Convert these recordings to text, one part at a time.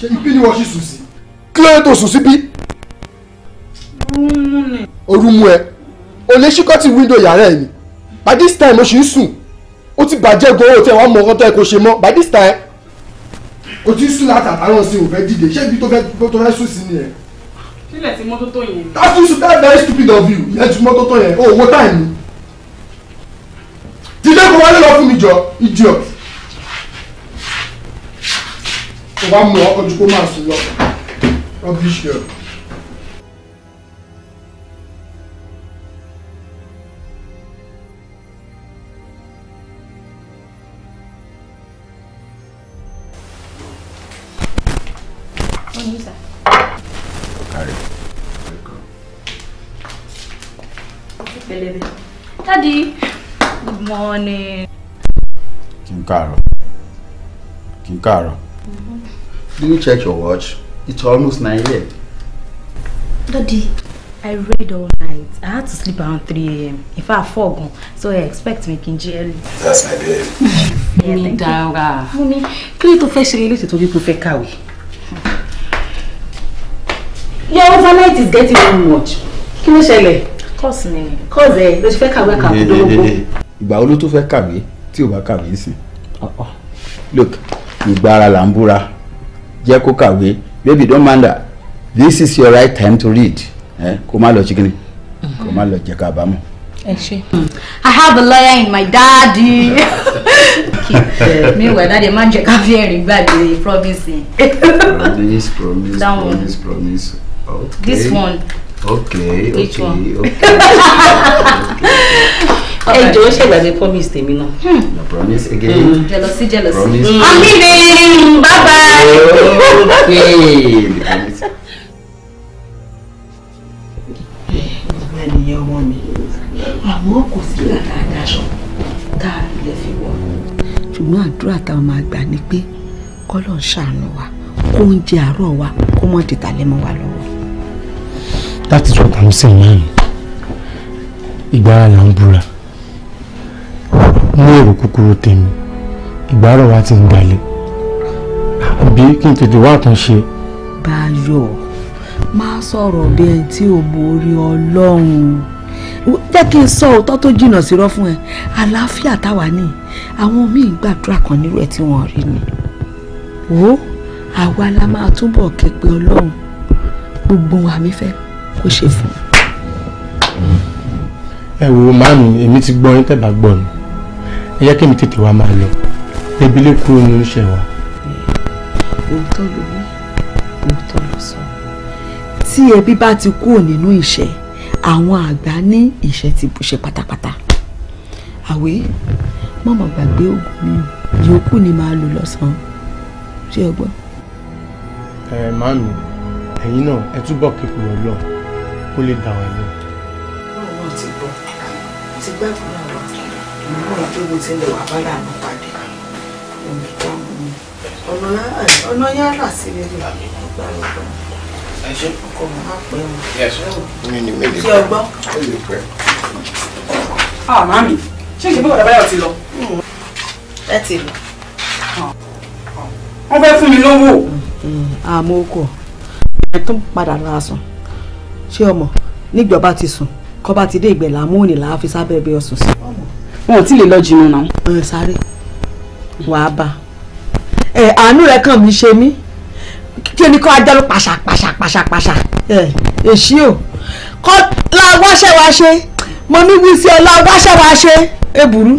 ṣe ibi ni wọ́n ṣì sùn sí. kí ló dé tó sùn síbí. rúmú ni. orú mú ẹ o lè ṣí kọ́tì wíńdò yàrá ẹ ni by this time o ṣì ń sùn ó ti bàjẹ́ gbowó tẹ wàá mọ ọkọ tó ẹ kó ṣe mọ́ by this time o ti sùn látàtàrọ̀ sí o fẹ́ dìde ṣé ibi tó fẹ́ sùn sí nìyẹn sílẹ̀ tí mọ́tò tó yẹn. that's you that's very stupid of you ìyẹn ti mọ́tò tó yẹn o wo time ni. dídé kò wálé lọ fún mi jọ idiot. tó bá mú ọkọ̀ ju kó máa sùn lọ rọ́bìṣì ẹ̀. Daddy, good morning. Kí n káàárọ̀. Kí n káàárọ̀. Did you check your watch? It's almost 9 a.m. Daddy, I read all night. I had to sleep around 3 a.m. If I fall gone, so I expect me kin jí early. That's my babe. Mummy, Dara. Mummy, kí ló tó fẹ́ ṣe eléyìí tó bí kò fẹ́ kàwé? Your overnight is getting too much. Kí ló ṣẹlẹ̀? Course ni. Course ẹ̀ ló ṣe fẹ́ kàwé kàwé dólógbó. Ìgbà wo ló tó fẹ́ kàwé tí ò bá kàwé sí? Ah, ah. Look, ìgbà ara là ń búra jẹ́ kó kàwé baby don't mind that. this is your right time to read eh, kó má lọ chicken kó má lọ jẹ kábàámọ̀. ẹ i have a lawyer in my daddy meanwhile daddy má jẹ ká fi ẹ̀rín gbàgbé promise. promise promise promise promise okay this one okay okay. okay. ẹ jọ ń ṣègbàgbé promise tèmi hmm. No promise again. Hmm, jealousy jealousy. Hmm. I'm leaving. bye bye. ẹnìyẹn ọmọ mi àmọ́ kò sí kàkà àdáṣọ tá a lè fi wọ̀. ṣùgbọ́n àdúrà táwọn máa gbà ni pé kọ́lọ̀ ń ṣàánú wa kó ń jẹ àárọ̀ wa kó mọ̀ dìtà lẹ́mọ́ wa lọ́wọ́. that is what i'm saying now ìgbára là ń búra ní èrò kúkúrú tèmi ìgbárò wa ti ń gbalẹ̀ àbí kí n tètè wá àtúnṣe. Báyọ̀ máa sọ̀rọ̀ bí ẹni tí ò borí Ọlọ́run jẹ́ kí n sọ òótọ́ tó jìnnà sírọ́ fún ẹ àlàáfíà táwa ní àwọn míì gbàdúrà kan nírú ẹ̀ tí wọ́n rí ni wo àwa la máa túbọ̀ képe Ọlọ́run gbogbo wa mi fẹ́ kó ṣe fún ẹ wo màmí èmi ti gbọ́ yín tẹ́ bá gbọ́ ni ẹ yẹ kí mi tètè wá máa lọ ebi lè kúrò ní oúnjẹ wa. òótọ́ ló ní òótọ́ ló sọ tí ẹbí bá ti kúrò nínú ìṣẹ́ àwọn àgbà ní ìṣẹ́ ti bùṣẹ́ pátápátá àwé mọ̀mọ́ gbàgbé oògùn mi yòókù ni màá lò lọ́sàn-án ṣé o gbọ́. ẹ màámi ẹ̀yin náà ẹ túbọ̀ kékeré ọlọ́ọ̀ kó lè dà wá lọ. ọ̀rọ̀ ti gbọ́ ti gbàgbọ́ ìmúra pé mo ti lè wà bára àná pàdé omi dáhùn mi ọ̀nà yàrá sí mi lè gbà lọ́gbà ọkọ̀ mi á pẹ́ wọn ah, ṣé ọgbọ́n. ah mami ṣé ìṣẹ́ bọ́ọ̀dà báyọ̀ ti lọ. ẹ ti lọ. wọ́n fẹ́ fún mi lówó. àmọ́ ah, okò ẹ tún padà lọ àsùn ṣé ọmọ nígbà bá ti sùn kọ́ bá ti dé ìgbẹ̀lá mú òní làá fi sábẹ́ bí ọ̀sùn sí. ọmọ wọn ò tí lè lọ jìnnà náà. ọ̀rẹ́ sáré wàá bá ẹ àánú rẹ kàn mí ṣe mí kí ni kọ́ ajá ló pàṣà pàṣà pàṣà pàṣà ẹ èsì o kọ́ la wáṣẹ́ wa ṣe mo ní wí sí ọ la wáṣẹ́ wa ṣe é burú.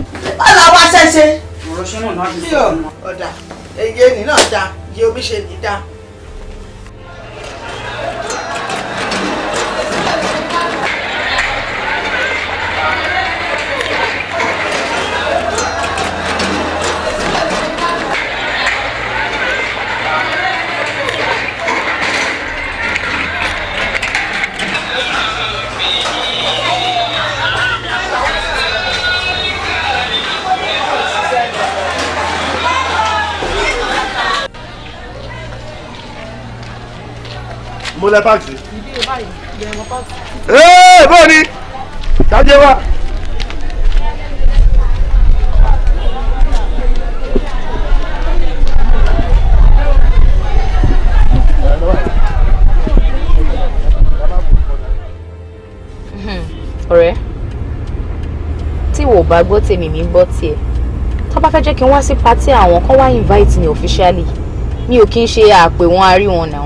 ọ̀la wáṣẹ́ ṣe. ọ̀rọ̀ ṣẹ́nu náà ti ọ̀dà èyí ni náà da iye omi ṣe ní dáa. mo lẹ páàkì. ìdí báyìí ìbẹ̀rẹ̀ mọ páàkì. ee bó o ní ṣáájú wa. Hmm, ọ̀rẹ́ tí wò bá gbọ́ tèmi mi gbọ́ tiẹ̀ tó bá fẹ́ jẹ́ kí n wá sí patí àwọn kan wá invite ni officially mi ò kí ń ṣe àpè wọn arí wọn náà.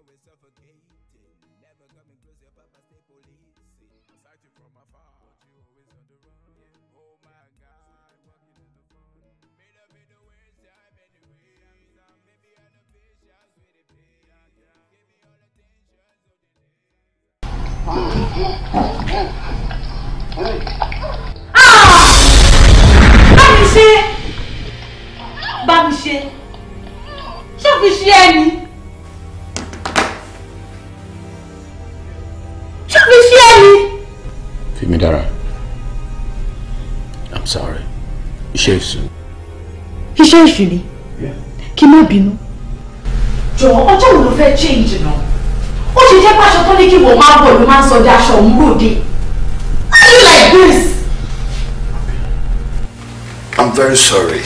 always suffocating. Never coming close, your papa stay policing. I sight you from afar, but you always on the run. Yeah. Oh my God, walking in the fun. Made up in the waste time anyway. Maybe I'm the patience with the pain. Give me all attention so they ah! bá mi ṣe bá mi ṣe ṣé iṣẹ́ èṣù. iṣẹ́ èṣù ni kí má bínú. jọ̀wọ́ ọjọ́ wo ló fẹ́ change náà ó ṣe jẹ́ pàṣọ tó ní kí wọ́n máa bọ̀ ló máa ń sọ di aṣọ òun ròde why you like this. i'm very sorry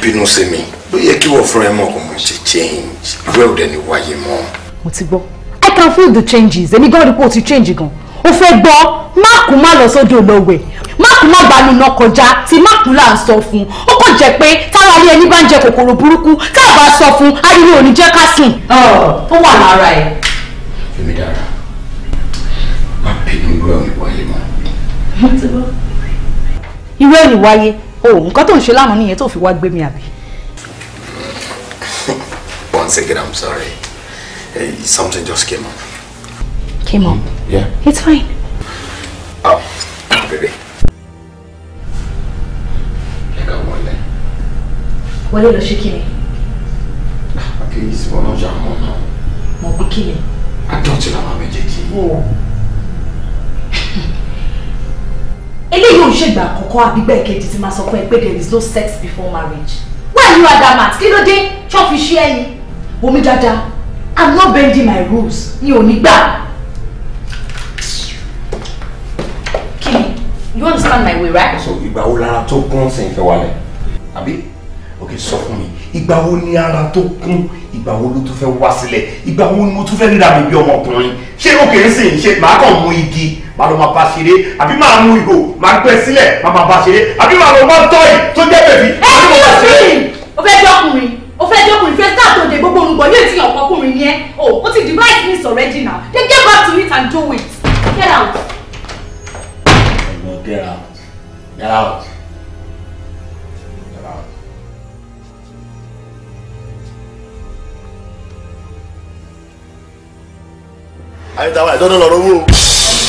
bínú sí mi ló yẹ kí wọ́n fúnra ẹ mọ̀ kó mo ṣe change Well, then ni wáyé mọ́. mo ti gbọ́ i can feel the changes èmi gan-an rí pé o ti change gan-an o fẹ́ gbọ́ má kú má lọ sódò lọ́wẹ̀ máàkù má gbanú náà tí máàkù ń sọ fún ó kàn jẹ́ pé tára rí ẹni bá ń jẹ kòkòrò burúkú tá a bá sọ fún ariwo ò ní jẹ́ ká sùn. ó wà lára ẹ. èmi dára má bínú irú ẹ̀mí wáyé mọ́. irú ẹ̀mí wáyé o nǹkan tó ń ṣe lánàá nìyẹn tó fi wá gbé mi àbí. once again i'm sorry hey, something just came up. came up. Mm, yeah. It's fine. Oh, baby. wọlé lọ ṣe kí ni. akéyí sí wọn náà jà mọ náà. mo pé kí ni. adọ́tí làwọn méjèèjì. eléyìí ò ń ṣègbà àkọ́kọ́ àbígbà ìkejì tí máa sọ fún ẹ pé there is no sex before marriage. why you adamant kí ló dé ṣọ́ọ̀fù iṣẹ́ ẹyin omi dáadáa i'm not bending my rules mi ò ní gbà. kí you understand my way right. so ìgbà wo lára tó gún sí ìfẹ́ wálẹ̀ àbí ok sọ fún mi ìgbà wo ni ara tó kún ìgbà wo ló tún fẹ́ wá sílẹ̀ ìgbà wo ni mo tún fẹ́ ríra mi bí ọmọkùnrin ṣé òkè ń sìn ṣe màá kàn mú igi màá lọ máa bá ṣeré àbí màá mú ihò màá gbẹ sílẹ̀ màá máa bá ṣeré àbí màá lọ máa tọ́ ì tó jẹ́ bèbí àbí màá bá ṣeré. o fẹ́ jẹ́ ọkùnrin o fẹ́ jẹ́ ọkùnrin fẹ́ sáà de gbogbo orun gbọ̀n yóò ti yàn ọkùnrin o o ti divide this already now then get back to it and do it get out. get out get out. àyẹ̀tàwá ìdọ́dọ̀ lọ́rọ́ wúro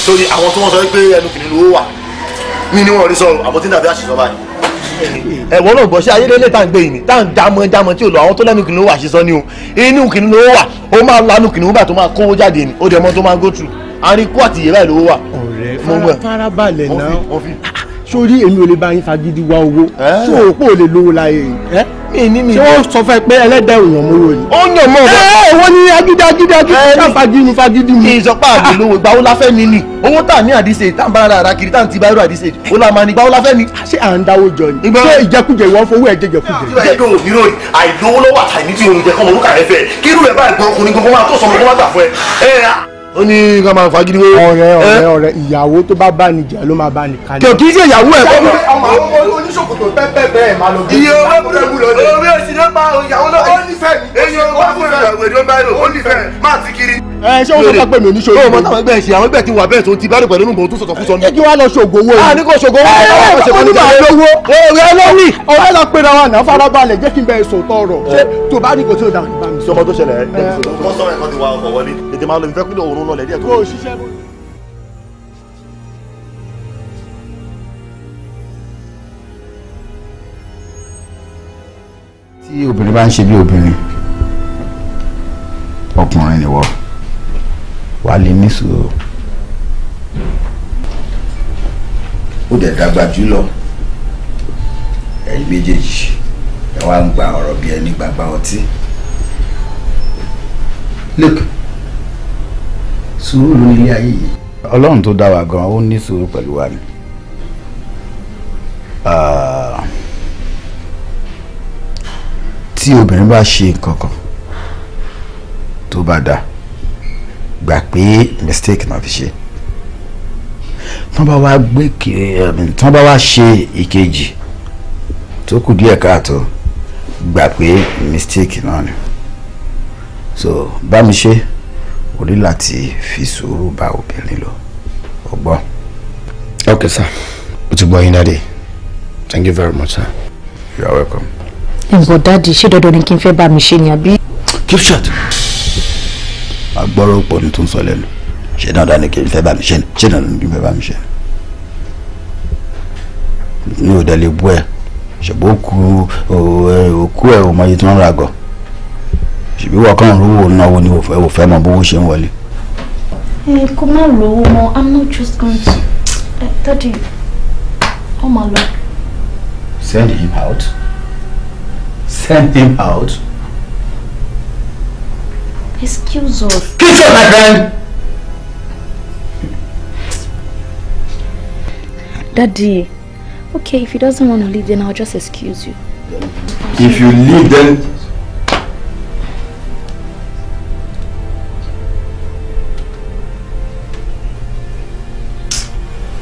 torí àwọn tí wọ́n sọ pé ẹnu kìnìún lówó wà mí ni wọ́n rí sọ̀rọ̀ àbótí dàbí àṣìṣọ́ba ni. ẹ̀wọ́n náà gbọ́ sí ayédèlé tá à ń gbé yìí ni tá à ń dámọ́ dámọ́ tí ò lọ àwọn tó lẹ́nu kìnìún lówó àṣìṣọ́ ni o inú kìnìún lówó wà ó máa lanu kìnìún bá tó máa kówó jáde ni ó dẹ̀ mọ́ tó máa go through àríkú àtìyẹ́ báyìí lówó wà. ọ̀rẹ́ farabalẹ̀ náà sórí èmi ò lè bá yín fagidi wá owó tí o kò lè lówó láyé ẹ mi ní mi. ṣé wọ́n sọ fún ẹ pé ẹlẹ́dẹ̀ òyàn mú wò ni. ó yàn mọ́ ọ̀gá. ẹ owó ní agídí agídí agídí ká fagidi ni fagidi mu. ìjọba àgbèlówó ìgbà wo la fẹ́ ni ni owó tà ní àdìsẹ́ tá n bára ara kiri tá n ti bá irú àdìsẹ́ ó la máa ní ìgbà wo la fẹ́ ni. ṣé à ń dáwọ́ jọ ni. ṣé ìjẹkújẹ ìwọ fowó ẹ jẹjẹkújẹ ó ní ká máa fagídí wé. ọ̀rẹ́ ọ̀rẹ́ ọ̀rẹ́ ìyàwó tó bá bá ní jà ló máa bá ní kalẹ̀. kò kì í ṣe ìyàwó ẹ̀ fọ́nmọ́. oníṣòkòtò pẹ́pẹ́ bẹ́ẹ̀ máa lọ bí. iye owó rẹ̀ wúlò ní. orí òsì ló pa ìyàwó náà ó nífẹ̀ẹ́ mi. eyín owó fún ìyàwó ló bá lò ó nífẹ̀ẹ́ má ti kiri. ẹ ṣé wọn tó bá pè mí oníṣòwò. ọmọ táwọn ẹgbẹ́ ṣe àwọn ẹgbẹ́ ti wà bẹ́ẹ̀ tó ti bá rẹ̀ pẹ̀lú nùbọ̀ tó sọ̀tọ̀ fún sọ ni. ẹ kí wàá lọ ṣògbówó yìí. a ní kò ṣògbówó yìí. ẹ onímọ̀ àlówó. ọ̀rẹ́ lọ́wì. ọ̀rẹ́ lọ pé ra wa náà farabalẹ̀ jẹ́ kí n bẹ sòótọ́ ọ̀rọ̀. tó bá ní kò tí ò dáhùn. sọmọ tó ṣẹlẹ̀ ẹ tètè máa lọ ìfẹ́ kúndé òórùn lọlẹ̀ díẹ̀ tó. kó o ṣiṣẹ́ mọ́. tí obìnrin bá ń ṣe bí obìnrin ọkùnrin nìwọ wà lè ní sùúrù ó dẹ̀ dàgbà jùlọ ẹ̀yin méjèèjì ẹ wá ń gba ọ̀rọ̀ bí ẹni gbàgbà ọtí. look sùúrù ló ní ilé ayé yìí. ọlọ́run tó dá wa gan ó ní sùúrù pẹ̀lú wa ni ah, tí obìnrin bá ṣe nǹkan tó bá dá gbà pé mistake náà fi ṣe tán bá wá gbé um, tán bá wá ṣe ìkejì tó kù díẹ̀ káàtó gbà pé mistake náà ni so bá mi ṣe o ní láti fi sùúrù bá obìnrin lò ó gbọ́. ok sir o ti gbọ́ yín dáadé thank you very much sir. you are welcome. ǹbọ̀ dáàdi ṣé dandan ni kí n fẹ́ bá mi ṣe ni àbí. keep shut. agbọ́rọ̀ pọ̀ ni tó ń sọ lẹ́nu ṣé dandan ni kí n fẹ́ bá mi ṣe ni ṣé dandan ni kí n fẹ́ bá mi ṣe ni. mi ò bú ẹ ṣùgbọ́n òkú ẹ̀ òkú ẹ̀ ò mọ tí wọ́n ń ra gan ṣùgbọ́n ìwọ kan rówó náwó ni òfẹ́ òfẹ́ mọ bówó ṣe ń wọlé. ẹ kó má lówó mọ i'm not just going to daddy ọ máa lọ. send him out send him out. excuse us. kiss up my friend. daddy okay if he doesn't want to leave then i'll just excuse you. if you leave then.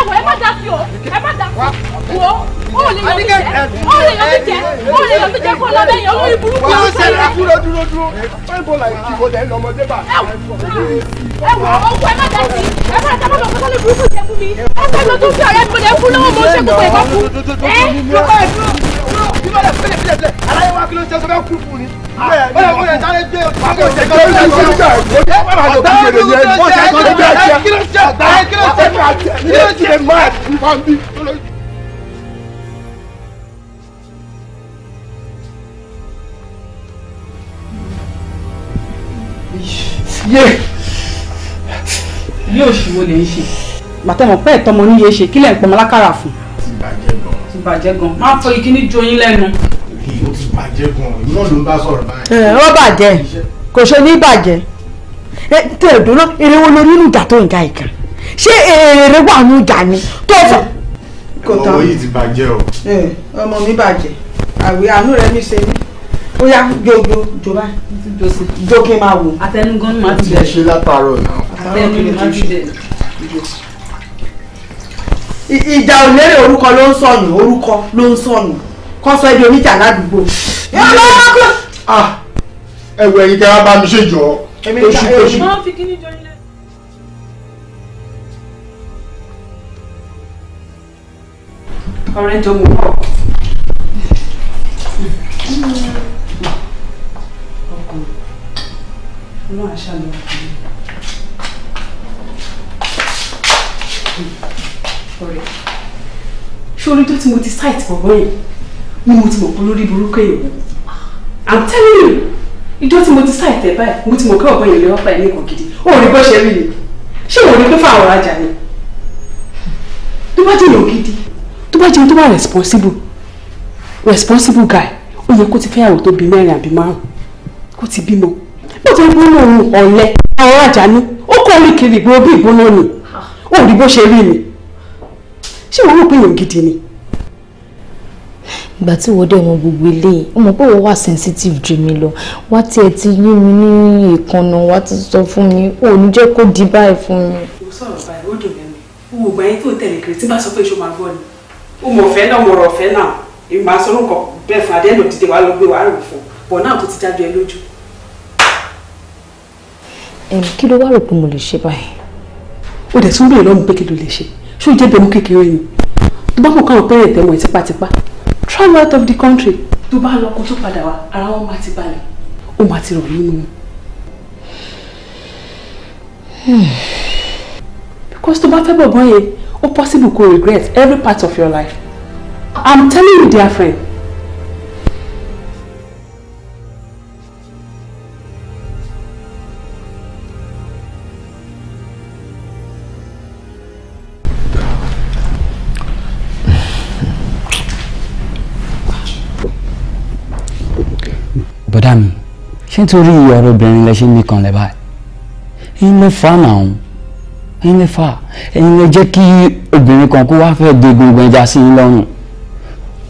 ẹwọ ẹ má dá sí o ẹ má dá sí o o lè yọ mí jẹ o lè yọ mí jẹ o lè yọ mí jẹ kó lọ lẹ́yìn olórí burúkú ọ̀hún. wọ́n ṣẹlẹ̀ dúró dúró dúró ẹ̀bùn là ń kíbo lẹ́yìn ọmọdé bá. ẹwọ ọwọ ẹ má dá sí ẹ má dá bọ́dọ̀ kọ́tọ́ lè burúkú jẹ fún mi ẹ má dá tó fi ọ̀rẹ́ mi lè fún lọ́wọ́ mo ṣe gbogbo ìgbà fún. ẹ dúró dúró ìmọ̀lẹ̀ fílẹ̀ fílẹ̀ fílẹ̀ aláyé wa kí ló ń sẹ́sọ bẹ́ẹ̀ kú fún ni. bẹ́ẹ̀ mo yẹ sáré gbé o. ọ̀gá mi ló ń jẹ́ kí ló ń jẹ́ kí ló ń jẹ́ kí ló ń jẹ́ kí ló ń jẹ́ yé ilé òṣùwò lè ń ṣe. bàtẹ́ mọ̀ pé ẹ̀tọ́ mo níye ṣe kí lẹ́ ń pọnmọ́ lákàrà fún. ti bàjẹ́ gan-an bàjẹ́ gan máa fọ ìkíní ju oyin lẹ́nu. èyí ó ti bàjẹ́ gan ìlú náà ló ń bá sọ̀rọ̀ báyìí. ẹ ọ bàjẹ́ kò ṣe ní bàjẹ́ ẹ tẹ ẹ dúró eré wo lórí inú ìjà tó ń ja ìkan ṣé èrè wà ní ìjà ni tó fà. ọmọ yìí ti bàjẹ́ o. ọmọ mi bàjẹ́ àwẹ̀ àánú rẹ̀ mi ṣe mí ó yá jojo jókè máa wò. atẹnugan máa ti bẹ̀rẹ̀. ṣe látàárọ̀ náà. atẹnugan máa ti bẹ̀rẹ̀ ìjà ò lérè orúkọ ló ń sọnù orúkọ ló ń sọnù kọ́ sọ ẹbí oníjà ládùúgbò. yọ̀ọ́ lọ́wọ́ kọ́. ẹ̀wù ẹ̀yin kẹ́ra bá mi ṣèjọ́ oṣù oṣù. wọ́n fi kíní jọ ilé. ọ̀rẹ́ tó mú bọ̀. ọkùnrin ló ń ṣàlùwọ̀ fún Sorry. Surely, tó tí mo ti site gbọ̀ngàn yìí ni mo ti mọ̀ pé lórí burúkú èèyàn i'm telling you ìjọ tí mo ti site ẹ̀ báyìí mo ti mọ̀ pé ọ̀gbọ́n yìí lè wọ́n pa ẹ̀ ní nǹkan gidi ó rí bọ́ ṣe rí ni ṣé òun rí pé fáwọn ọ̀rajà ni tó bá jẹ́ èèyàn gidi tó bá jẹun tó bá responsible responsible guy ó yẹ kó ti fẹ́yàwó tó bí mẹ́rin àbí márùn kó be bímọ bó ti ń gbóná òun ọ̀lẹ àwọn ọ̀rajà ni ó kọ́ orí kiri ìgbó bí ìgbóná ni ó rí bó ṣe ṣé wọ́n rò pé èèyàn gidi ni. ìgbà tí wọ́n dé wọn gbogbo eléyìí ó mọ̀ pé wọ́n wà sensitive ju mi lọ wá tiẹ̀ ti yé mi ní ìkànnà wá ti sọ fún mi ò ní jẹ́ kó di báyìí fún mi. mo sọ̀rọ̀ báyìí ó dùn mí wò gbà yín tó tẹ̀lé kiri tí bá sọ pé ṣó máa gbọ́ ni ó mọ̀ ọ̀fẹ́ náà mọ̀ ọ̀rọ̀ ọ̀fẹ́ náà èmi máa sọ orúkọ bẹ́ẹ̀ fún adé lòdìdè wàá lọ gbé wàá rò fún bọ̀ náà tó ti jáde ẹ lójú. kí ló wá rò pé mo lè ṣe báyìí. ó dẹ̀ tún bèèrè lọ́mú pé kí ló lè ṣe ṣé o jẹ́ bẹ̀rù kékeré ni tó bá mọ̀ káwọn pẹ́rẹ́ tẹ̀wọ̀n tipátipá travel out of the country tó bá lọ kó tó padà wá ara wọn máa ti balẹ̀ ó máa ti rọ̀ nínú wọn. because tó bá fẹ́ bọ̀bọ̀ yẹn ó possible kó regret every part of your life i'm telling you dear friend ṣé nítorí ọ̀rọ̀ obìnrin lẹ ṣe ń nìkan lẹ báyìí ẹ̀yin lẹ fà náà ẹ̀yin lẹ fà ẹ̀yin lẹ jẹ́ kí obìnrin kan kó wáá fẹ́ẹ́ de gbogbo ẹja sí yín lọ́rùn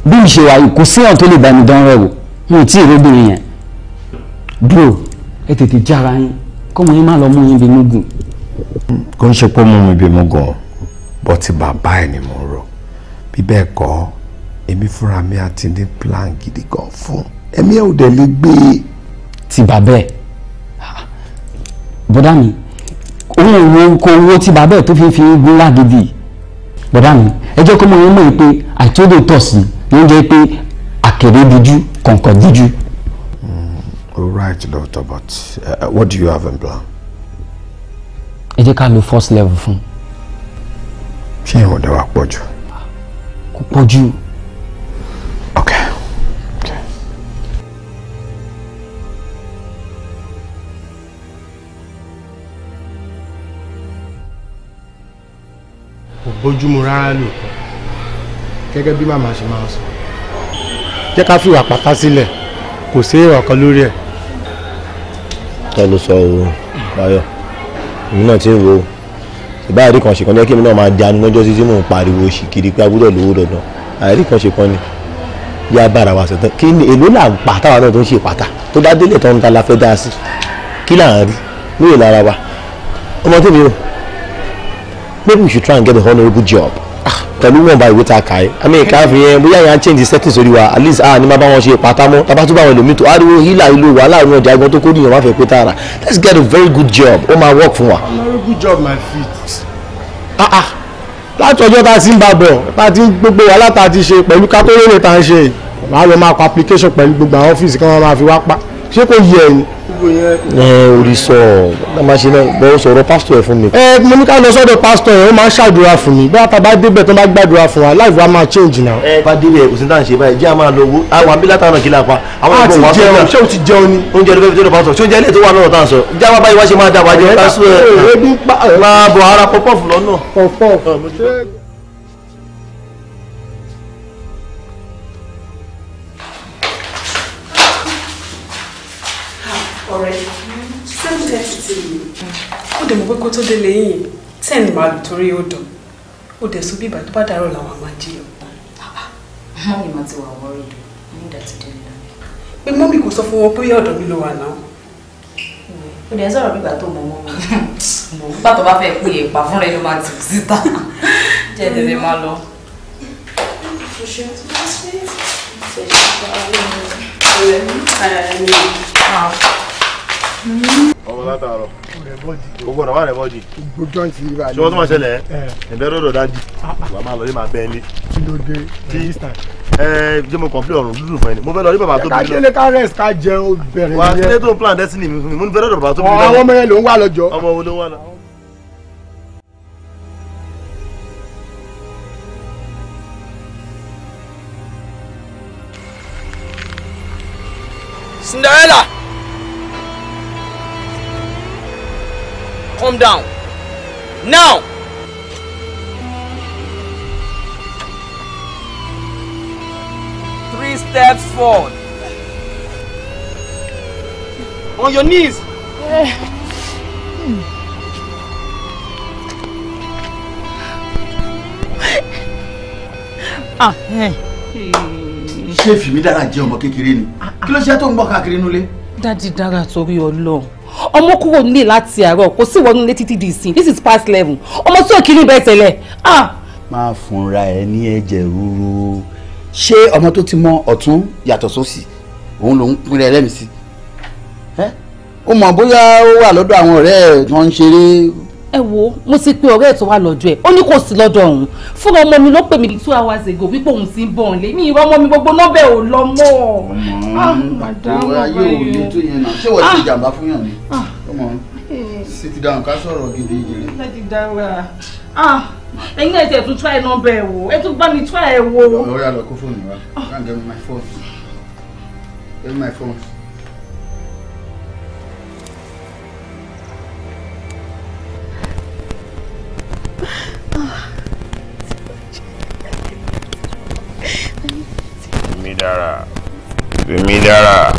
bí mi ṣe wà kò sí ọ̀n tó lè bá mi dán rẹ̀ wò mi ò tí ì róbìnrin yẹn bro ẹ tètè jára yín kọ́mọ yín má lọ mú yín bí mú gùn. kò ń ṣe pé mú mi bí mú gùn ti bàbá ẹ̀ ni mo rọ bí bẹ́ẹ̀ kọ́ èmi fúnra mi àti ní plan gidi gan fún ẹ̀mí ẹ̀ ò dẹ̀ lè gbé e ti bàbá ẹ̀ bọ́dá mi òun ò wo ko owó tí bàbá ẹ̀ tó fi fi gún lágídí bọ́dá mi ẹ jẹ́ kó mọ̀ yín mọ̀ pé àìtóde tọ̀ sí ló ń jẹ́ pé àkèré díjú kọ̀ǹkọ̀ díjú. Mm, all right doctor but uh, uh, what do you have in plan. ẹ jẹ́ ká lo first level fún. ṣé ìwọ̀n dẹ̀ wá pọ̀ jù. kò pọ̀ jù. bójúmu rárá lóòótọ́ gẹ́gẹ́ bí màmá ṣe máa ń sọ jẹ́ ká fìwà pátá sílẹ̀ kò sí èrò kan lórí ẹ̀. ẹ ló sọ o Báyọ̀ èmi náà ti ń wo ìbá àrí kan ṣèkan jẹ́ kí èmi náà máa dánú lọ́jọ́ sí tí mò ń pariwo sí kiri pé agbúdọ̀ lówó dandan àrí kan ṣèkan ni yá bára wa sọ̀tàn kí ni èló là ń pa táwa náà tó ń ṣe pátá tó bá délé tán ń ta la fẹ́ dá sí kí là ń rí ní ìlara wa ọmọ tèmi o maybe we should try and get a honourable job ah, pẹ̀lú wọn bá ìwé ta kàí àmì ìka fi yẹn bóyá yẹn á change the settings orí wa at least a ah, ní má bá wọn ṣe pátámọ́ tàbá tó bá wọn lòmítò ariwo hílà ìlú wa láàrin ọjà ẹgbọn tó kó nìyẹn wá fẹ́ pé tààrà let's get a very good job ó máa work fún wa. honourable job my feet. ah ah láti ọjọ́ tá a ti ń bá bọ̀ tá a ti gbogbo wàhálà tá a ti ṣe pẹ̀lú kátóyèrè tá a ń ṣe màá lọ máa kọ application pẹ̀lú gbogbo àwọn ọ́fíìsì kan wọn máa fi wá pa ṣé kò yẹ ẹ̀yin. ẹ orí sọ ọ máa ṣe náà bọ́ sọ̀rọ̀ pásítọ̀ ẹ̀ fún mi. ẹ mo ní ká lọ sọ́dọ̀ pásítọ̀ ẹ̀ ó máa ń ṣàdúrà fún mi bá tàbá débẹ̀ tó bá gbàdúrà fún wa láìpẹ́ a máa change náà. ẹ bá délé kò sí tá à ṣe báyìí jẹ́ à máa owó àwọn abílẹ̀ tànà kí lápá. àwọn ìbọn wà sọ́dọ̀ ṣé o ti jẹun ni. oúnjẹ ló fẹ́ fi tó lọ ṣé oúnjẹ ilé sí mi ó dẹ̀ mọ̀ pé kó tó délé yìí ten máa lù torí ó dàn ó dẹ̀ sọ bí ìgbà tó bá dàrọ̀ làwọn máa jí lọ. mọ́mí máa ti wà wọ́rọ̀ ìlú ní ìdá ti délé lọ. pé mọ́mí kò sọ fún wọn bóyá ọ̀dọ̀ mi ló wà náà. ó dẹ̀ sọ̀rọ̀ bí ìgbà tó mọ̀ mọ́ mọ́ nígbà tó bá fẹ́ pé ìpà fúnra ẹni máa tì síta jẹ́ tètè máa lọ. Ah ọmọ látàárọ̀ gbogbo ọ̀nà wà rẹ̀ bọ́ọ̀dì ṣé wọ́n tún máa ṣẹlẹ̀ ẹ̀ ẹ̀bẹ̀ rọ̀rọ̀ dájú ah, ah. wà máa lọ yé máa bẹ́ẹ̀ lé tí ẹ jẹ́ mo kọ̀m̀plé ọ̀rùn dúdú fún ẹni mo fẹ́ lọ rí bàbá tó bí lọ. ká ṣe lè ká rest ká jẹun bẹ̀rẹ̀ yẹn. wà á sílé tó ń plan destiny mi fún mi mo fẹ́ lọ́dọ̀ bàbá tó bí lọ. ọmọ ọmọ yẹn ló ń wà lọ́jọ́. wo ló wà lọ. Cinderella. calm down now. Three steps forward. On your knees. ah, hey. ṣé fìmí dára jẹ́ ọmọ kékeré ni ah, ah. kí ló ṣe tó ń gbọ́ káàkiri nulẹ̀. dájú dára torí Ọlọ́run ọmọ kúrò nílé láti àárọ̀ kò sí ìwọ nílé títí di ìsìn this is past eleven ọmọ tí ò bẹ́ẹ̀ tẹ́lẹ̀ ah. má ẹ ní ẹ̀jẹ̀ rúru ṣé ọmọ tó ti mọ ọ̀tún yàtọ̀ sósì òun lòún pinnu ẹlẹ́mìí sí ó mọ̀ bóyá ó wà lọ́dọ̀ àwọn ọ̀rẹ́ ẹ̀ tí wọ́n ń ṣeré ẹ wo mo ti pe ọ̀rẹ́ ẹ̀ tó wà lọ́dọ̀ ó ní kò sí lọ́dọ̀ ọ̀hún fún ọmọ mi ló pè mí two hours ago wípé òun ti ń bọ̀ ọ̀lẹ́ mi ìwọ ọmọ mi gbogbo nọ́bẹ̀ ò lọ mọ́ ọ. ọmọ ah, ayé ò lè tó yẹn náà ṣé wọ́n ti ah. jàǹbá fún yàn ni ah. ọmọ sit down ká sọ̀rọ̀ gidi gidi. ẹ̀yin náà ẹ̀ tún try nọ́bẹ̀ ẹ̀ wò ẹ̀ tún bá mi try ẹ̀ wò. ọ̀rẹ́ àlọ́ kó fóònù wa kàn gẹ́ mi my phone. Tèmi dára. Tèmi dára.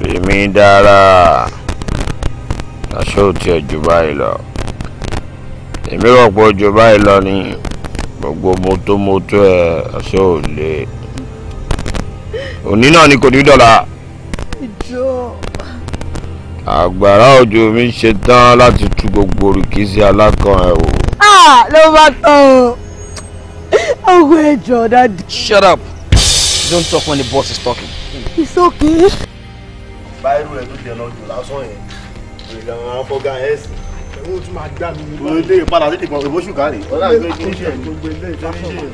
Tèmi dára. Aṣọ òtí ẹ̀ jù báyìí lọ. Èmi rò pé jù báyìí lọ ni gbogbo mọ́tòmọ́tò ẹ̀ aṣọ òlé. Òní náà ni kò ní dọ̀la. Ìjọ àgbàrá òjò mi ṣe tán láti tú gbogbo òrìkìsí alákan ẹ o. Ah, ló bá tán ọgọ ẹjọ dáadé. shut up don't talk when the boss is talking. it's okay. báyìí rẹ̀ tó dẹ̀ lọ́jọ́ lásán yẹn ìgbà àwọn afọ́gá ẹ̀ sìn ẹ̀wọ̀n tún máa gbá mi. olóde ìpadà tètè kan ìbò ṣùkà rè. ọ̀la ìgbẹ́ kí n ṣe gbogbo ilé ìtọ́jú.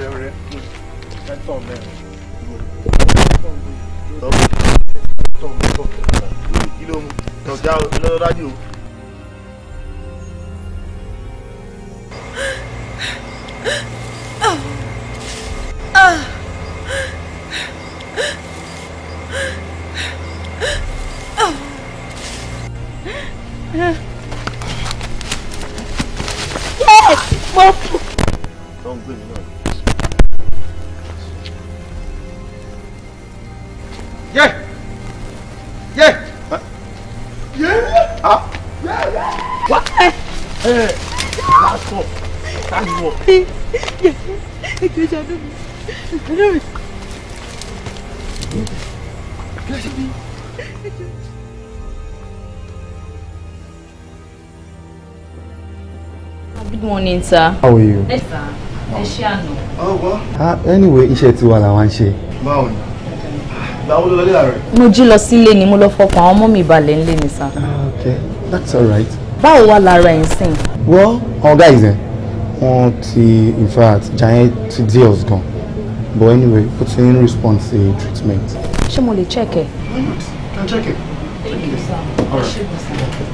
Yeah, right kí ló mú tọjá lọ rádìo. sir. How are you? Yes, sir. Ẹ ṣé àná. Ọwọ́. Oh, anyway, iṣẹ́ tiwa làwọn ń ṣe. Báwo ni? Báwo ló lọ́lé ààrẹ? Mo jí lọ sílé ni mo lọ fọkàn àwọn ọmọ mi balẹ̀ ńlé ni sir. Ah, okay, that's all right. Báwo wá lára ẹ̀ ń sìn? Well, àwọn guys ẹ̀ wọ́n ti in fact giant ti deals gan but anyway ó ti ń respond sí treatment. Ṣé mo lè check ẹ? Why not? Can check it. Thank you, sir.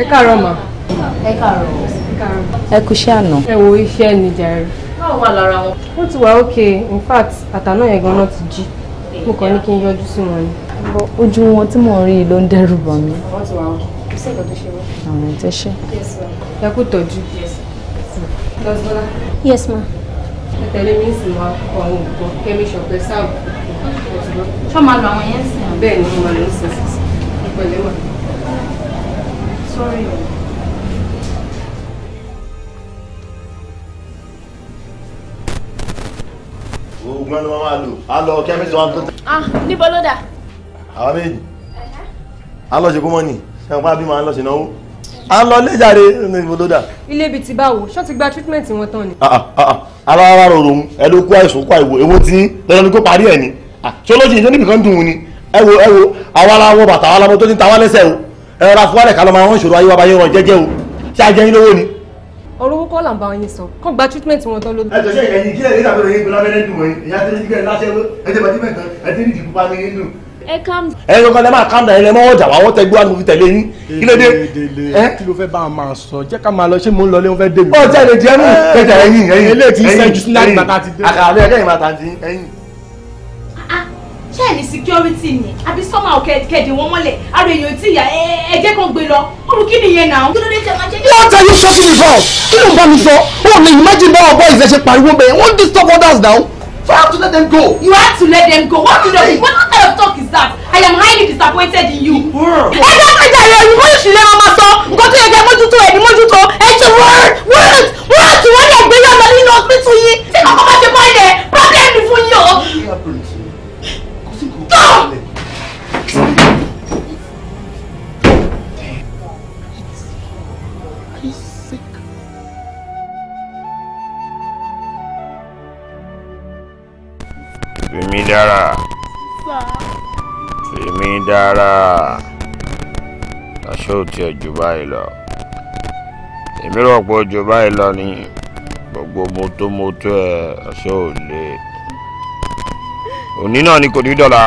ẹ káàárọ̀ mà. ẹ káàárọ̀. ẹ kú iṣẹ́ àná. ẹ wo iṣẹ́ ni jàre. báwo wà lára wọn. wọ́n ti wà ókè in fact àtàná yẹn gan-an ti jí mo kàn ní kí n yọjú sí wọn ni. ojú wọn tí mò ń rí ló ń dẹ́rù bà mí. wọ́n ti wà ókè kò sí nǹkan tó ṣe wọ́n. àwọn ẹ̀ tẹ́ ṣe. ẹ kú tọ́jú. lọ́sibọ́lá. yes ma. ẹ tẹ̀lé mi sì wá ọ̀hún olùkọ́ kẹ́mi ṣọ̀pẹ́ sáà ṣọ́ máa lo àwọn yẹn sìn. bẹ́ẹ̀ ni mo máa lọ sí ẹ̀sìn pẹ̀lẹ́wà sorry. oògùn ẹni wọn máa lò wọn tó tẹ. ah níbo ló dà. àwọn méjì kó mọ́ ni ṣé wọn bí máa ń lọ ṣe náwó à ń lọ ilé jàre níbo ló dà. ilé ibi tí báwo ṣó ti gba treatment wọn tán ni. Ah, ah, ah, ara ara rọrùn òun ẹ ló kó àìsàn kó àìwò èwo tí lọ́dọ̀ ni kó parí ẹ̀ ni ṣó ló ṣe níbi kan dùn ni ẹ wo ẹ wo àwa la wọ bàtà àwa la mọ tó ti ta wá lẹ́sẹ̀ o ẹ̀rọ la fúwálẹ̀ máa ń ṣòro ayé wa rọ jẹ́jẹ́ o ṣé ajẹ́ yín lówó ni. orúkọ kọ́ là ń sọ kàn gba treatment wọn tán lójú. ẹ ṣe ẹyin kílẹ̀ nígbà tó yín gbọ́dọ̀ dùn wọ̀nyí ìyá tẹ́lẹ̀ gbẹ̀rẹ̀ láṣẹ ẹ tẹ́ bàtí mẹ́tàn ẹ tẹ́lẹ̀ dìbò bá mi yín ẹ calm. ẹ máa calm down ẹ lẹ mọ ọjà wàá tẹ gbúra níbi tẹlẹ yín kí ló dé. ẹ kí ló fẹ́ bá a máa sọ jẹ́ ká máa lọ ṣé mò ń lọ lé wọn fẹ́ dé mi. ọjà lè jẹ́ mú kẹjà ẹyin ẹyin ẹyin ẹyin àkàlẹ́ ẹ̀kẹ́yìn máa ta ti ẹyin ṣé ẹ ní security ni àbí sọ́mà kẹ̀dẹ̀ wọn mọ́lẹ̀ ara èèyàn tí ìyá ẹ̀jẹ̀ kan gbé lọ ọdún kí nìyẹn náà. kí ló dé tẹ máa jẹ́ kí. wọ́n tẹ̀lé ṣọ́ọ̀kì mi fọ́ kí ló ń bá mi sọ ó lè imagine báwọn boys ẹ̀ ṣe pariwo bẹ́ẹ̀ wọ́n disturb others now You have to let them go. you have to let them go what do you know? what kind of talk is that I am highly disappointed in you. ẹ jẹ́ ká jàre ẹ̀rù mọ́ ìṣìlẹ̀ máa máa sọ nǹkan tó yẹ kẹ́ mójútó ẹ̀ ní mójútó ẹ̀ ti wọ́ọ̀t wọ́ọ̀t wọ́ọ̀t wọ́ọ̀t ìwọ́n tí ò jù báyìí lọ èmi rò pé jù báyìí lọ ni gbogbo mọ́tò mọ́tò ẹ ọ̀ṣọ́ ò lè òní náà ni kò ní dọ̀la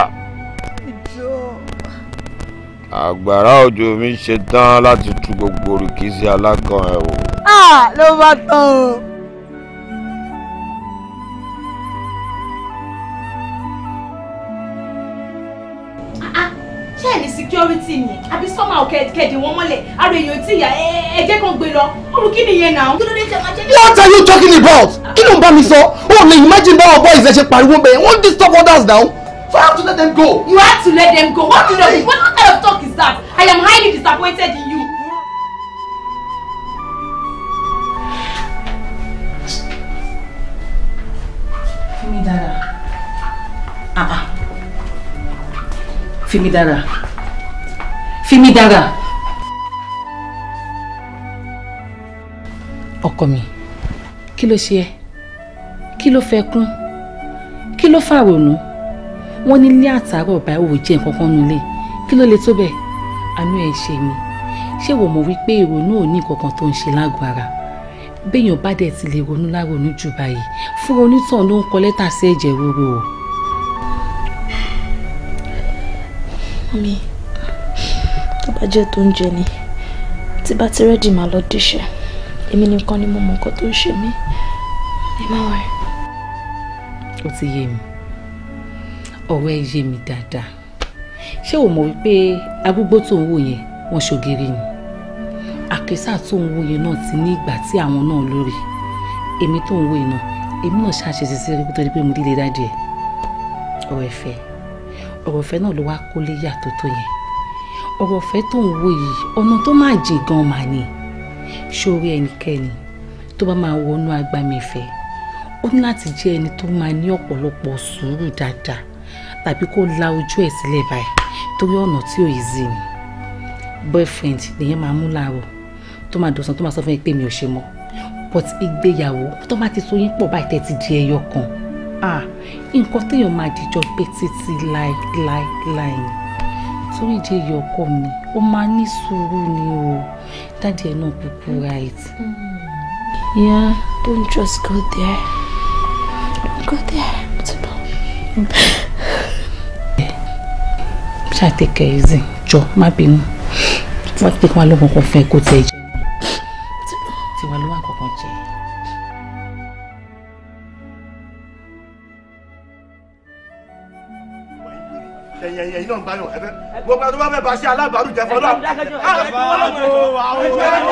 àgbàrá òjò mi ṣe tán láti tú gbogbo rìkísí alákan ẹ o. Ah, ló bá tán o. náà wọn mọ́lẹ̀ ara èèyàn tí ìyá ẹ̀jẹ̀ kan gbé lọ ọrùn kí nìyẹn náà. kí ló dé tẹ máa jẹ́. what are you talking about kí ló ń bá mi sọ o lè imagine báwọn boys ẹ ṣe pariwo bẹ́ẹ̀ wọ́n disturb others now so I have to let them go. you have to let them go what, what, the, what kind of talk is that I am highly disappointed in you. Fimi Dada. Ah ah. Fimi Dada fi mí dára. ọkọ mi kí ló ṣe ẹ́ kí ló fẹ́ kún kí ló fàrònú wọ́n ní ilé àtàárọ̀ báyìí ò jẹ́ nǹkan kan nulẹ̀ kí ló lè tó bẹ́ẹ̀ àánú ẹ̀ ṣe mi ṣé wò mọ̀ wípé ìrònú ò ní nǹkan kan tó ń ṣe lágọ̀ọ́ ara béèyàn bá dẹ̀ ti lè ronú láronú jù báyìí fún onítàn ló ń kọ lẹ́tà sí ẹ̀jẹ̀ ríru o. mi ajẹ́ tó ń jẹ ni tí bá ti rẹ́dì máa lọ díṣẹ́ èmi nìkan ni mo mọ nǹkan tó ń ṣe mí ẹ má wá. ó ti yé mi ọ̀rọ̀ ẹ yé mi dáadáa ṣé o mọ̀ wípé arúgbó tó ń wò yẹn wọ́n ṣògiri ni àkísà tó ń wò yẹn náà ti ní ìgbà tí àwọn náà lórí èmi tó ń wò yẹn náà èmi náà ṣàṣe ṣe ṣe tó pé mo dídé dáadé ẹ ọ̀rọ̀ ẹ̀fẹ́ ọ̀rọ̀ ẹ̀fẹ́ náà ló wá kó léyà tó yẹn ọ̀rọ̀ ọ̀fẹ́ tó ń wò yìí ọ̀nà tó máa jìn gan mà ni ṣórí ẹnikẹ́ni tó bá máa wọnú agbami ìfẹ́ ó ní láti jẹ́ ẹni tó máa ní ọ̀pọ̀lọpọ̀ sùúrù dáadáa tàbí kó la ojú ẹ̀ sílẹ̀ báyìí torí ọ̀nà tí ò yìí ni boyfriend nìyẹn máa mú láàárọ̀ tó máa dọ̀sán tó máa sọ fún yín pé mi ò ṣe mọ́ but ìgbéyàwó tó bá ti so yín pọ̀ báyìí tẹ́ di ẹyọ kan ah nǹkan téèyàn máa dìjọ pé títí láéláéláé ni torí ìdí èyí ọkọ mi ó máa ní sùúrù ni o dáàdi ẹ náà kúkú right. yeah don't just go there don't go there Mutino. ṣáà take easy jọ má bínú wọ́n ti pín wa lọ́kàn kan fún ẹ kó tẹ̀ jẹ́. gbogbo àti wọn fẹẹ bá ṣe alábàárù jẹ fọlọ. ṣé wàá ṣe bẹ́ẹ̀ yẹn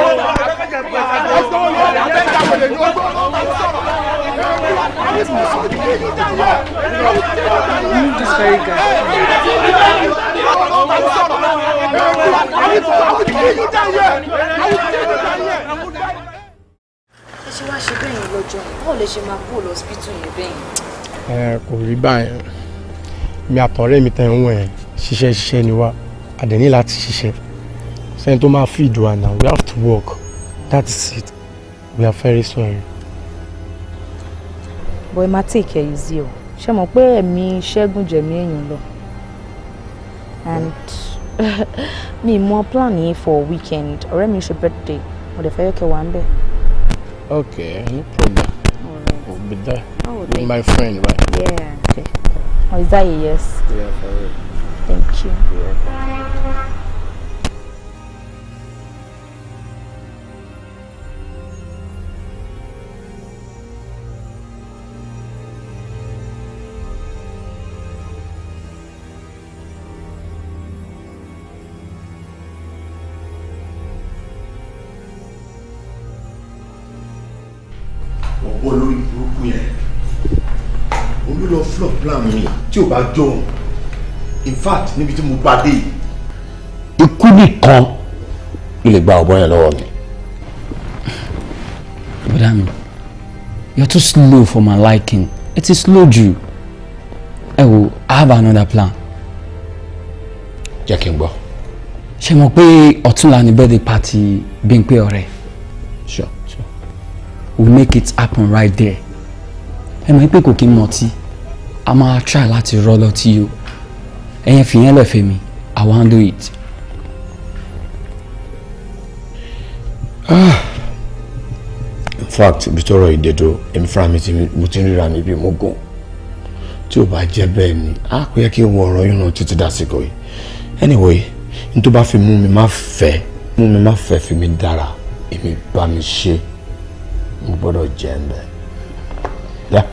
lọ́jọ́ báwo lè ṣe máa kú lọ́sibítù yẹn bẹ́ẹ̀ yẹn. ẹ kò rí báyìí mi àtọ̀rẹ́ mi tẹ̀ ń wọ̀ yẹn ṣiṣẹ́ ṣiṣẹ́ ni wá a láti ṣiṣẹ́ sẹ́ni tó máa feed wa now we have to work that is it we are very sorry. bọ́ ẹ máa take it easy o ṣe mọ̀ pé ẹ̀mí ṣẹ́gun jẹ̀mí èèyàn lọ and mi mọ plan yìí for weekend ọ̀rẹ́ mi ṣe birthday mo dẹ̀ fẹ́ yọ̀kẹ́ wà ń bẹ̀. okay no problem right. we'll be there oh, with my friend right. yeah okay. oh, is that a yes. yeah, Thank you. You're welcome. olórí burúkú yẹn olú lọ flop plan mi tí ò bá jọ òun in fact níbi tí mo bá dé yìí. ikú nìkan ló lè gba ọ̀bọ yẹn lọ́wọ́ mi. bọ́dà mi you are too slow for my liking it is slow ju ẹ wo I have another plan. jẹ́ kí n gbọ́. ṣe mọ̀ pé ọ̀túnla ni birthday party Bímpé ọ̀rẹ́. sure sure. we we'll make it happen right there. ẹ mọ̀ pé kò kí n mọtí a máa try láti rọ́ lọ́tí yìí o ẹ̀yẹn fìyẹn lẹ̀ fẹ́ mi i wan do it. Ah. in fact ibi tọrọ ìdẹdọ èmi fúnra mi ti mo ti ń ríra níbi mo gùn tí ò bá jẹ́ bẹ́ẹ̀ ni a kò yẹ kí n wọ ọ̀rọ̀ yìí náà títí dásìkò yìí anyway n tó bá fi mú mi má fẹ́ mú mi má fẹ́ fi mi dára èmi bá mi ṣe mo gbọ́dọ̀ jẹ́ ń bẹ́ẹ̀.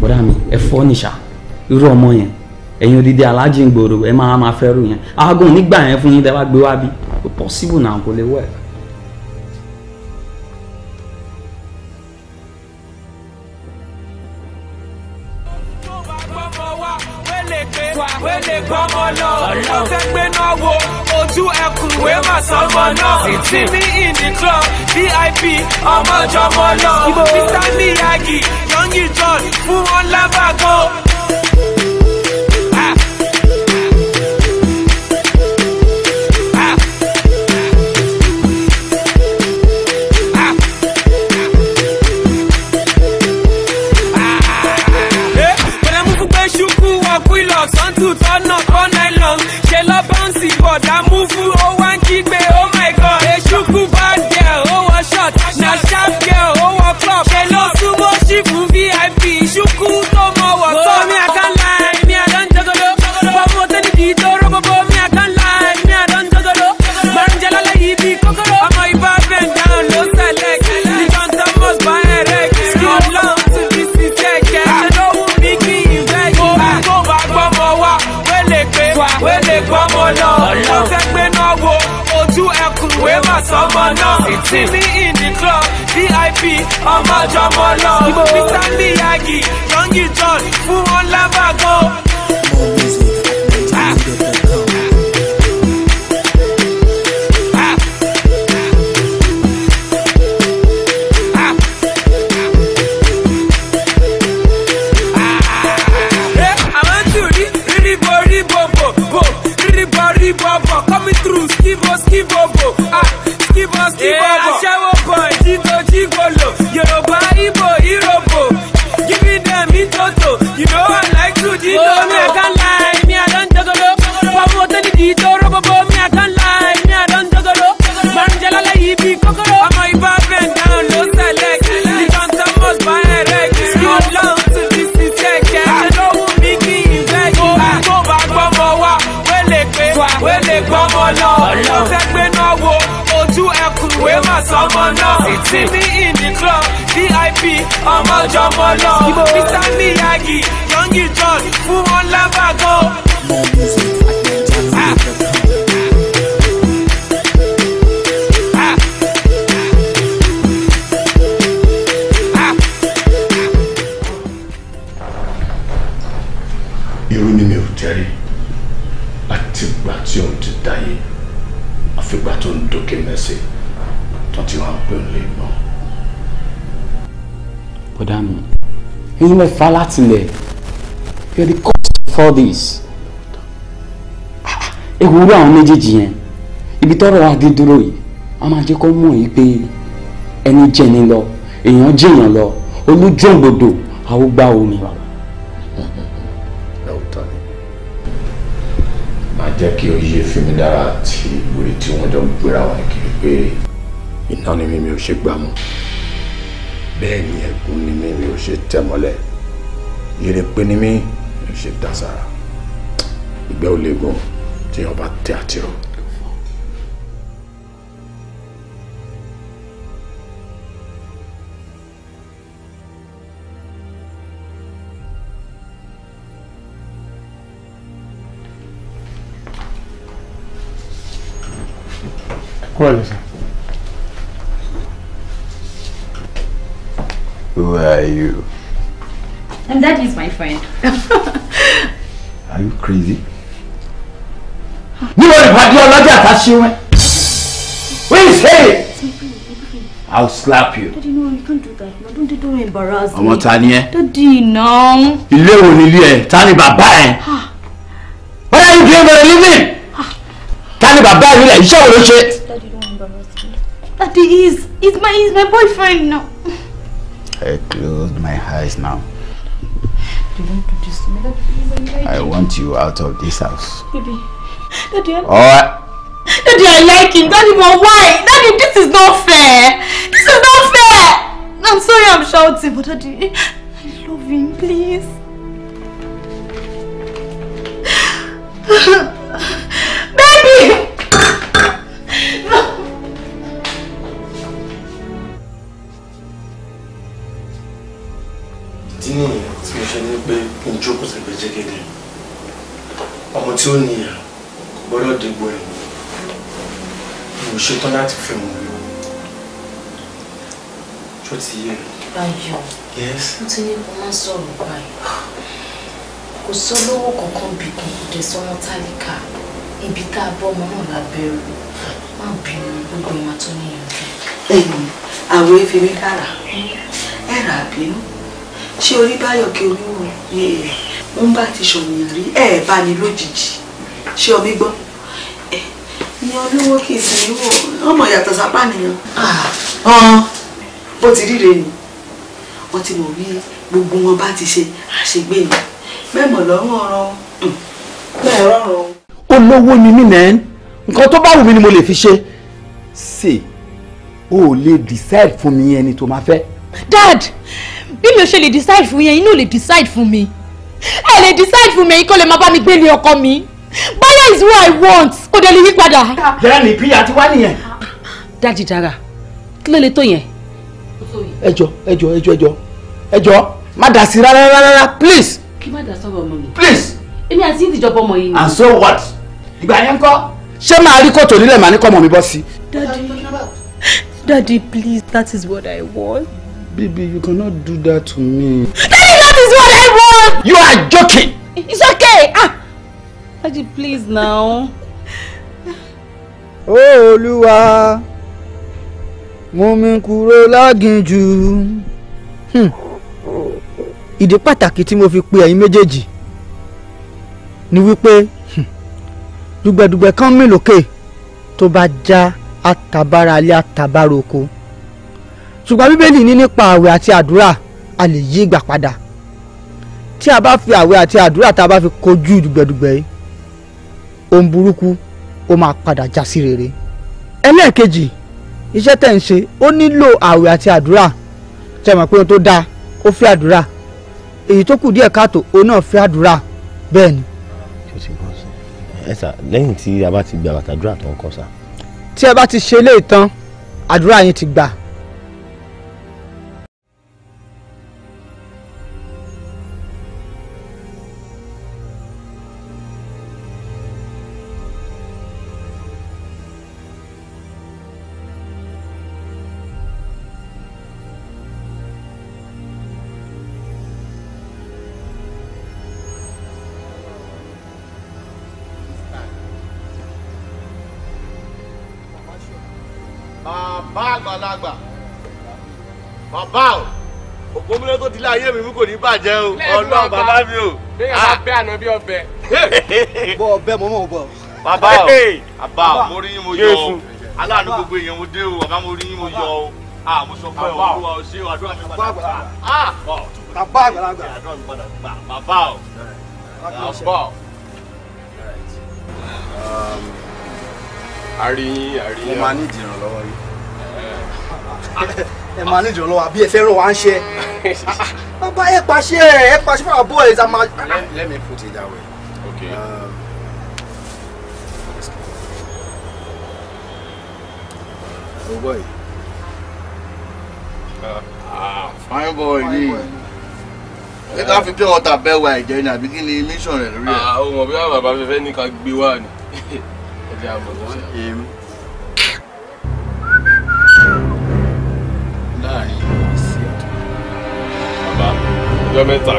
bọ́dà mi ẹ fọ́ nìṣà irú ọmọ yẹn ẹ̀yin odidi alájì ń gbòòrò ẹ máa máa fẹ́ rú yẹn aago nígbà yẹn fún yín tẹ́ gbé wá bí kò pọ́síbù náà kò lè wẹ̀. ojú ẹkùn wé mà sọmọ náà sí ní ìní club vip ọmọjọmọ lọ mr miyagi yọngi john fún wọn two tọ́nà four nine long ṣe lọ bọ́ǹsì bọ̀dá múfú àtọmọ náà ìtì mi in the club vip ọmọ jọmọ lọ mr miyagi yọngi john fún wọn lábàgọ́. yeah. See me in the club, VIP, ọmọ jọmọ lọ. Mr. Miyagi, Young John, fún wọn lábàgọ́. ẹ̀yin mẹ́fà láti lẹ̀ you are the cause for this ah, ewúrẹ́ àwọn méjèèjì yẹn ibi tọ́rọ̀ adé dúró yìí a máa jẹ́ kó mọ̀ yìí pé ẹni jẹni lọ èèyàn jẹyàn lọ olójúògbòdò àwọn gbá omi wa. má jẹ́ kí oyè fimi dára àti ìwé tí wọ́n jọ ń gbéra wọn kiri pé iná ni mímí ò ṣe gbà mọ́ bẹ́ẹ̀ ni ẹ̀gún ni mi ò ṣe tẹ̀ mọ́lẹ̀ yèrèpé ni mi ò ṣe dá sára ìgbẹ́ ò léegun tí wọ́n bá tẹ àtirọ́. ¿Cuál es? who are you? And that is my friend. are you crazy? Níbo ni ìpàdé ọlọ́jà ta ṣe wẹ́? Will you say it? I'll slap you. Daddy, no, you can't do that. No, don't, don't embarrass me. Ọmọ ta ni ẹ? Daddy, no. Ilé wo ni ilé ẹ? Ta ni bàbá ẹ? What are you doing for a living? Ta ni bàbá ẹ nílẹ̀? Iṣẹ́ wo ló ṣe? Daddy, don't embarrass me. Daddy, he's, he's, my, he's my boyfriend now. I closed my eyes now. You won't do this to me. Daddy, I, want you out of this house. Baby, Daddy, I... All right. Daddy, I like him. Daddy, but why? Daddy, this is not fair. This is not fair. I'm sorry I'm shouting, but Daddy, I love him, please. Baby! ìdí nìyẹn tí mo ṣe ní pé kí n jókòó sẹ́gbẹ̀ẹ́ jẹ́gẹ́dẹ́ ọmọ tí ó níyà kò gbọ́dọ̀ dégbò ẹ̀ mo ṣetán láti fẹ́ wọn lò ṣó ti yé ẹ. Báyọ̀ mo ti ní kó má sọ̀rọ̀ báyìí kò sólówó kankan bìkan kò dé sọ́wọ́n tálíkà ibi tá a bọ́ ọmọ náà lábẹ́rù má bínú gbogbo ìmọ̀ tó níyànjú. ẹ̀yìn àwọn efi mi kára mm. ẹ̀rà bínú ṣé orí báyọ̀ kí olúwo ń bá ti ṣọ̀yàn rí ẹ̀ bá ní lójijì ṣé ọmí gbọ́ ní olówó kì í sì ní wò ọmọ yàtọ̀ sápá nìyàn bó ti ríre ni wọ́n ti mọ̀ bí gbogbo wọn bá ti ṣe àṣegbè ni mẹ́mọ̀ lọ́rùn ọ̀rọ̀ hmm. bẹ́ẹ̀ rọrùn. olówó ni mí nẹ́ẹ̀ nǹkan tó bá wù mí ni mo lè fi ṣe ṣe o ò lè decide fún mi ẹni tó máa fẹ́. dad bí mi ò ṣe lè decide fún yẹn inú ò lè decide fún mi ẹ lè decide fún mi yín kó lè máa bá mi gbé ní ọkọ mi báyà is what i want kò dé lè yí padà. yẹ́rẹ́ ní ìpínyà ti wá nìyẹn. dájì dára kí ló lè tó yẹn. ẹjọ ẹjọ ẹjọ ẹjọ ẹjọ má dà sí rárá rárá please. kí má dà sọ́wọ́ ọmọ mi. please. èmi àti ìdìjọba ọmọ yìí and so what ìgbà yẹn kọ́. ṣé màá rí kòtò nílẹ̀ màá ní kọ́ ọmọ mi bọ́ sí. daddy daddy please that is what i want. Baby, you cannot do that to me. Daddy, that is what I want! You are joking! It's okay! Ah! Daddy, please now. Oh, Olúwa, mú kuro kúrò láginjù. Hmm. Ìdí pàtàkì tí mo fi pe ẹ̀yin méjèèjì ni wípé hmm, dùgbẹ̀dùgbẹ̀ kan mí lókè tó bá já àtàbára alẹ́ àtàbára ṣùgbọ́n bíbélì ní nípa àwẹ̀ àti àdúrà a lè yí ìgbà padà tí a bá fi àwẹ̀ àti àdúrà tá a bá fi kojú dùgbẹ̀dùgbẹ̀ yìí ohun burúkú ó máa padà já sí rere. ẹlẹ́ẹ̀kejì iṣẹ́ tẹ̀ ń ṣe ó nílò àwẹ̀ àti àdúrà tẹ̀ mọ̀ pé ohun tó dáa ó fẹ́ àdúrà èyí tó kù díẹ̀ káàtó òun náà fẹ́ àdúrà bẹ́ẹ̀ ni. ẹ sà lẹ́yìn tí a bá ti gba àtàdúrà tó ń kọ́ sà. tí ẹ bá ti ṣe eléyìí tán àdúrà yín ti gbà. mi kò ní bàjẹ́ o ọlọ́run bàbá mi o. bí yàrá bẹ́ àná bí ọbẹ̀. bọ ọbẹ̀ mọ́ mọ́ bọ̀. bàbá o bàbá mo rí yín mo yọ o aláàánú gbogbo èèyàn mo dé o bàbá mo rí yín mo yọ o a ah, mo sọ pé olúwa o ṣé ah. àdúrà mi padà gbà á bàbá àgbàlagbà àdúrà mi bàbá o bàbá o. Um, a rí yín a rí yín. mo máa ní ìdìrànlọ́wọ́ yìí. Eh. Ah. ẹ máa níjọ lọ́wọ́ àbí ẹ fẹ́ rọ̀ wá ń ṣe bàbá ẹ pàṣẹ ẹ pàṣẹ fún our boys a let me put it that way. okay. Um, Oh boy. Uh, ah, fine boy ni. Ẹ ká fi pé ọta bẹ́ẹ̀ wa ẹ̀jẹ̀ ni àbí kí ni mission rẹ̀ lórí ẹ̀. Àwọn ah, ọmọ bí wàá bàbá fẹ́fẹ́ ní ká gbé wá ni. Ẹ jẹ́ àmọ̀ tó ọjọ́ mẹ́ta.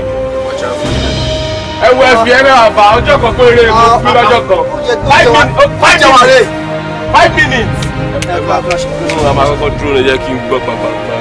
ẹ wo ẹbí ẹ náà bá ọjọ́ kan péré mo ah, fi lọ́jọ́ ah, kan ah, five oh, minutes. five minutes. ẹ máa kọ́kọ́ dúró ní jẹ́ kí n gbọ́ pàpàpà.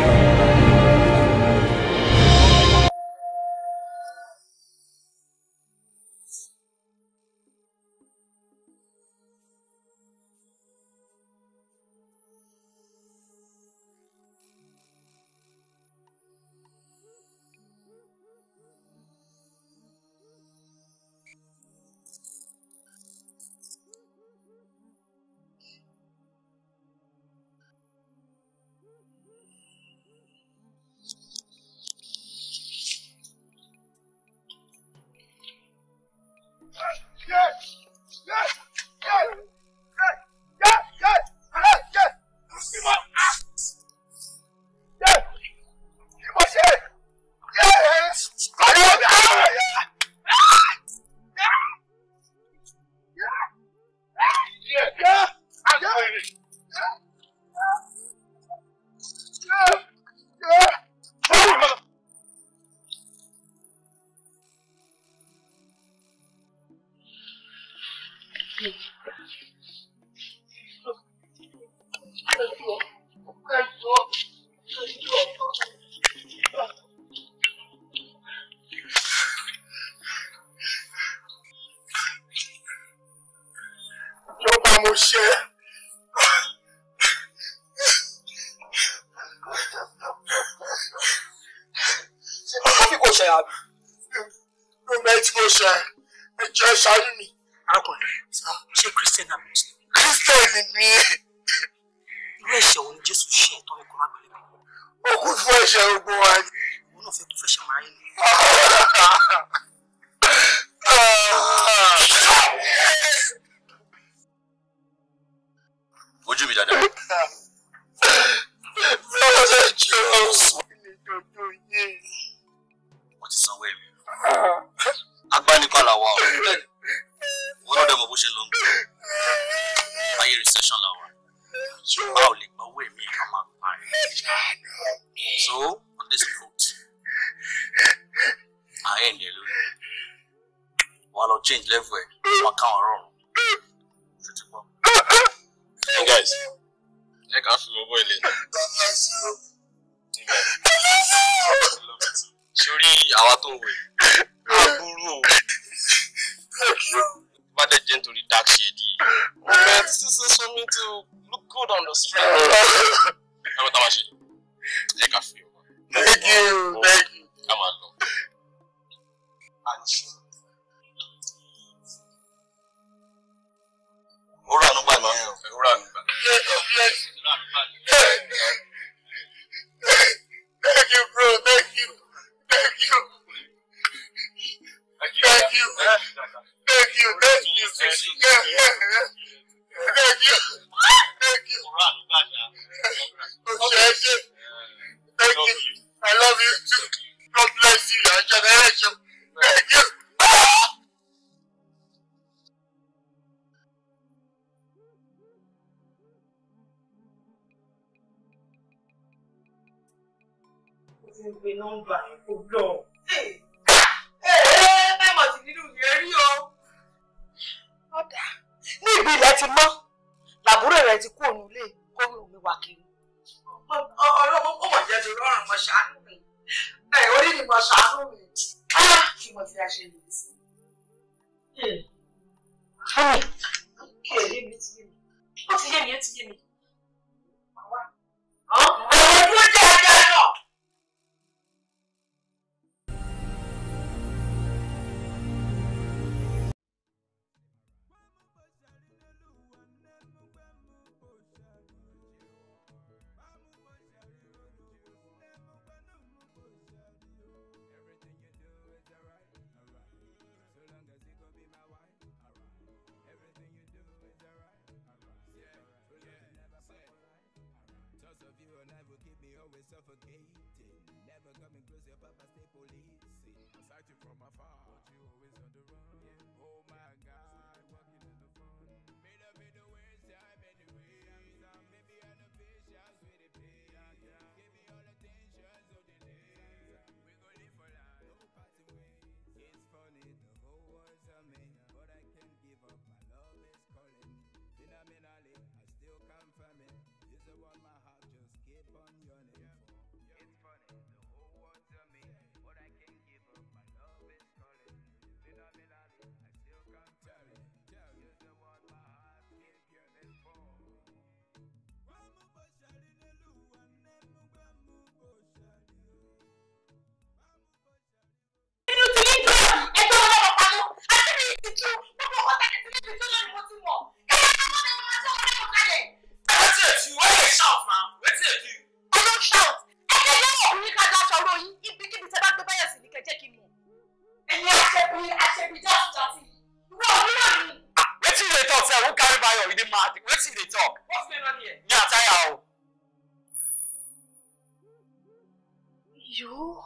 You?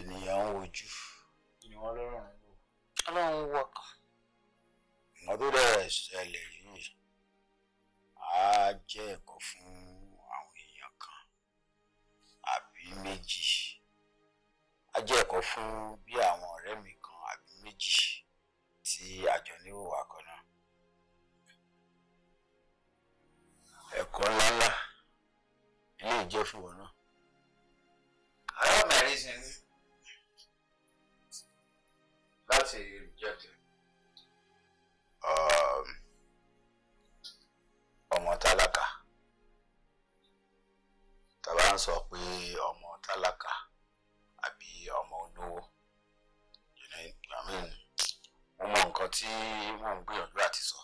ènìyàn ń wojú. ènìyàn ọlọ́run ń wò. ọlọ́run ń wọ̀ kan. nǹkan tó dẹ̀ ṣẹlẹ̀ tí mò ń gbìyànjú àti sọ.